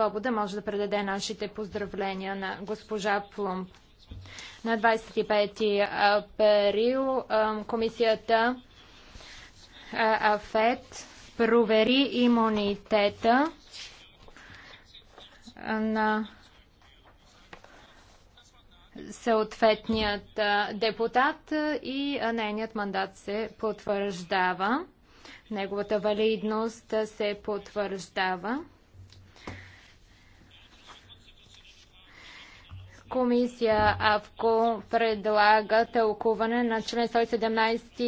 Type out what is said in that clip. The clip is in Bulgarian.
Свобода може да предаде нашите поздравления на госпожа Плум. На 25 април комисията АФЕТ провери имунитета на съответният депутат и нейният мандат се потвърждава. Неговата валидност се потвърждава. Комисия АВКО предлага тълкуване на член 117